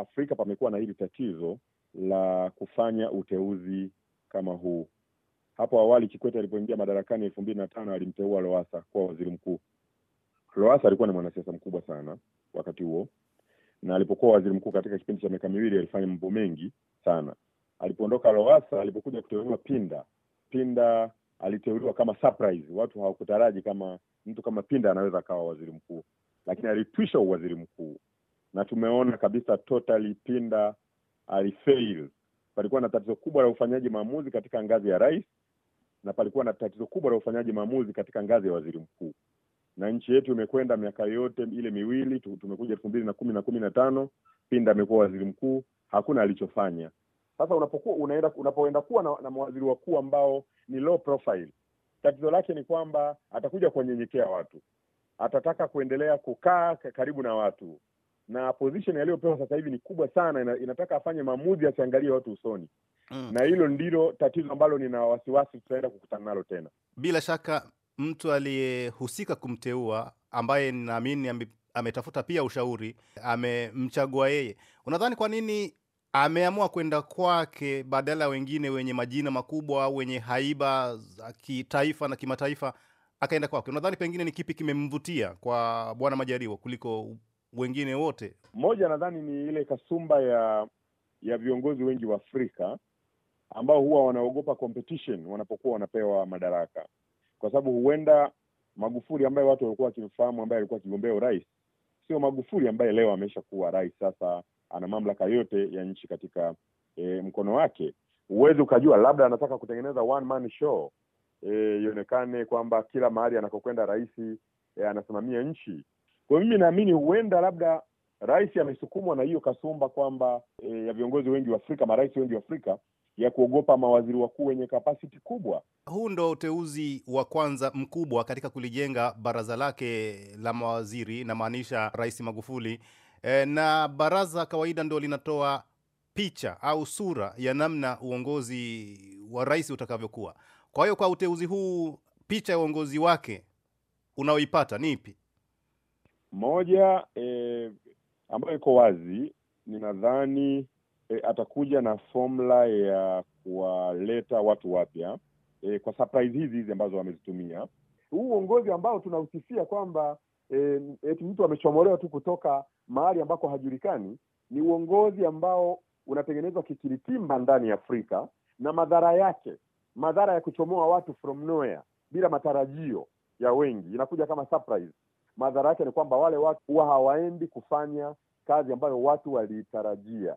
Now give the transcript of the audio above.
Afrika pamekuwa na hili tatizo la kufanya uteuzi kama huu. Hapo awali Kikwete alipoingia madarakani elfu mbili na tano alimteua loasa kuwa waziri mkuu. loasa alikuwa ni mwanasiasa mkubwa sana wakati huo, na alipokuwa waziri mkuu katika kipindi cha miaka miwili alifanya mambo mengi sana. Alipoondoka loasa alipokuja kuteuliwa Pinda, Pinda aliteuliwa kama surprise. Watu hawakutaraji kama mtu kama Pinda anaweza akawa waziri mkuu, lakini alitwisha uwaziri mkuu na tumeona kabisa totally Pinda alifail. Palikuwa na tatizo kubwa la ufanyaji maamuzi katika ngazi ya rais na palikuwa na tatizo kubwa la ufanyaji maamuzi katika ngazi ya waziri mkuu, na nchi yetu imekwenda miaka yote ile miwili. Tumekuja elfu mbili na kumi na kumi na tano Pinda amekuwa waziri mkuu, hakuna alichofanya. Sasa unapokuwa unaenda unapoenda kuwa na, na mawaziri wakuu ambao ni low profile, tatizo lake ni kwamba atakuja kuwanyenyekea watu, atataka kuendelea kukaa karibu na watu na position aliyopewa sasa hivi ni kubwa sana, inataka afanye maamuzi, asiangalie watu usoni mm. na hilo ndilo tatizo ambalo nina wasiwasi tutaenda kukutana nalo tena. Bila shaka mtu aliyehusika kumteua ambaye naamini ametafuta pia ushauri, amemchagua yeye. Unadhani kwa nini ameamua kwenda kwake badala ya wengine wenye majina makubwa au wenye haiba za kitaifa na kimataifa, akaenda kwake? Unadhani pengine ni kipi kimemvutia kwa Bwana Majaliwa kuliko wengine wote? Moja nadhani ni ile kasumba ya ya viongozi wengi wa Afrika ambao huwa wanaogopa competition wanapokuwa wanapewa madaraka, kwa sababu huenda magufuri ambaye watu walikuwa wakimfahamu, ambaye alikuwa akigombea urais, sio magufuri ambaye leo amesha kuwa rais, sasa ana mamlaka yote ya nchi katika e, mkono wake. Huwezi ukajua, labda anataka kutengeneza one man show, e, ionekane e, kwamba kila mahali anakokwenda rahisi e, anasimamia nchi kwa mimi naamini huenda labda rais amesukumwa na hiyo kasumba kwamba e, ya viongozi wengi wa Afrika, marais wengi wa Afrika ya kuogopa mawaziri wakuu wenye kapasiti kubwa. Huu ndo uteuzi wa kwanza mkubwa katika kulijenga baraza lake la mawaziri, namaanisha Rais Magufuli e, na baraza kawaida ndo linatoa picha au sura ya namna uongozi wa rais utakavyokuwa. Kwa hiyo kwa uteuzi huu, picha ya uongozi wake unaoipata ni ipi? Moja eh, ambayo iko wazi ninadhani eh, atakuja na fomula ya kuwaleta watu wapya eh, kwa surprise hizi hizi ambazo wamezitumia huu uongozi ambao tunahusisia kwamba eh, eti mtu amechomolewa tu kutoka mahali ambako hajulikani, ni uongozi ambao unatengenezwa kikiritimba ndani ya Afrika na madhara yake, madhara ya kuchomoa watu from nowhere bila matarajio ya wengi, inakuja kama surprise madhara yake ni kwamba wale watu huwa hawaendi kufanya kazi ambayo watu waliitarajia.